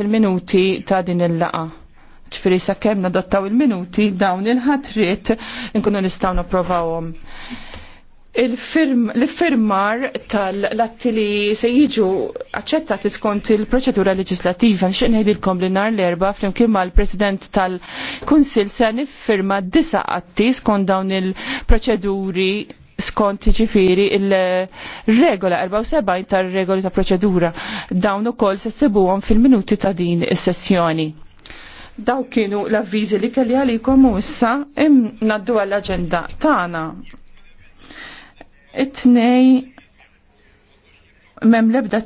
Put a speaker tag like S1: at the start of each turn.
S1: fil-minuti ta' din il-laqa. ċfiri sa' kemna dottaw il-minuti dawn il-ħatrit nkunu nistaw naprovawom. L-firmar tal-latti li se jiġu aċċettati skont il-proċedura leġislativa nxin ngħidilkom li nhar l-erba flimkien mal-President tal-Kunsil se niffirma disa' atti skont dawn il-proċeduri skont ġifiri il-regola 74 tar-regoli ta' proċedura dawn ukoll se ssibuhom fil-minuti ta' din is-sessjoni. Daw kienu l-avviżi li kelli għalikom u issa naddu għall agenda tagħna. Itnej
S2: mem lebda